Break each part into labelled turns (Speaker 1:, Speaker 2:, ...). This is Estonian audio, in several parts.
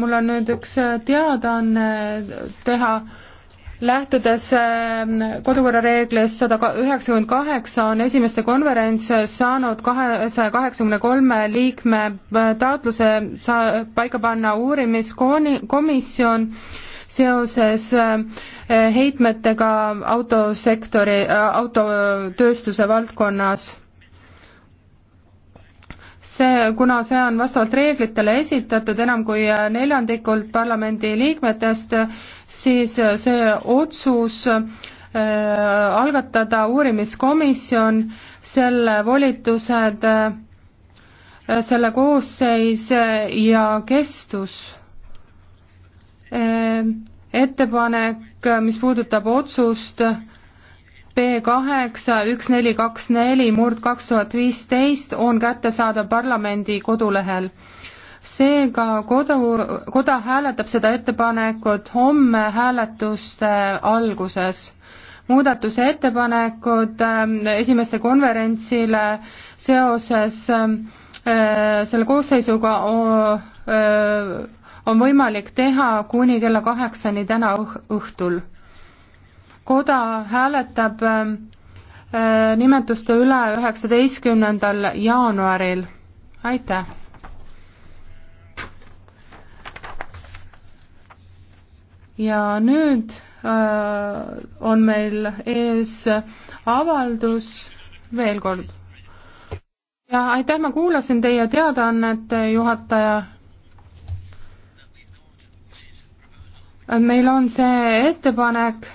Speaker 1: mul on nüüd üks äh, teadaanne teha, lähtudes ähm, kodukorra reeglist sada üheksakümmend kaheksa on esimeste konverents saanud kahesaja kaheksakümne kolme liikme äh, taotluse sa-, paika panna uurimiskooni-, komisjon seoses äh, heitmetega autosektori, autotööstuse valdkonnas see, kuna see on vastavalt reeglitele esitatud enam kui neljandikult parlamendi liikmetest, siis see otsus äh, algatada uurimiskomisjon, selle volitused, äh, selle koosseis äh, ja kestus. ettepanek, mis puudutab otsust, B kaheksa üks neli kaks neli murd kaks tuhat viisteist on kättesaadav parlamendi kodulehel. seega kodu, koda hääletab seda ettepanekut homme hääletuste alguses. muudatuse ettepanekud ähm, esimeste konverentsile seoses ähm, äh, selle koosseisuga äh, äh, on võimalik teha kuni kella kaheksani täna õhtul koda hääletab ähm, äh, nimetuste üle üheksateistkümnendal jaanuaril. aitäh! ja nüüd äh, on meil ees avaldus veel kord. ja aitäh, ma kuulasin teie teadaannet, juhataja. meil on see ettepanek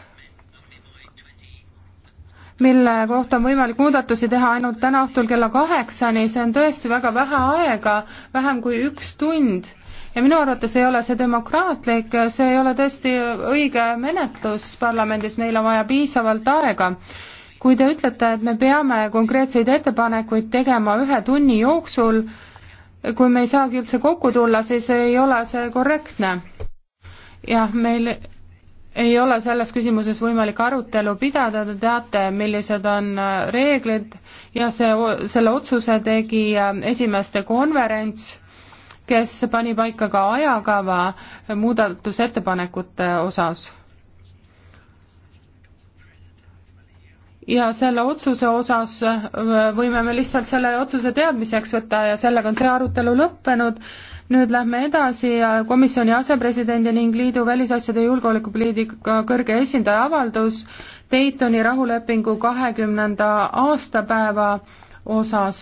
Speaker 1: mille kohta on võimalik muudatusi teha ainult täna õhtul kella kaheksani, see on tõesti väga vähe aega, vähem kui üks tund. ja minu arvates ei ole see demokraatlik, see ei ole tõesti õige menetlus parlamendis, meil on vaja piisavalt aega. kui te ütlete, et me peame konkreetseid ettepanekuid tegema ühe tunni jooksul, kui me ei saagi üldse kokku tulla, siis ei ole see korrektne. jah, meil ei ole selles küsimuses võimalik arutelu pidada, te teate, millised on äh, reeglid ja see, selle otsuse tegi äh, esimeste konverents, kes pani paika ka ajakava äh, muudatusettepanekute osas. ja selle otsuse osas võime me lihtsalt selle otsuse teadmiseks võtta ja sellega on see arutelu lõppenud nüüd lähme edasi komisjoni asepresidendi ning liidu välisasjade julgeolekupoliitika kõrge esindaja avaldus Daytoni rahulepingu kahekümnenda aastapäeva osas.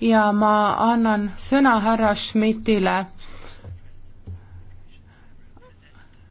Speaker 1: ja ma annan sõna härra Schmidtile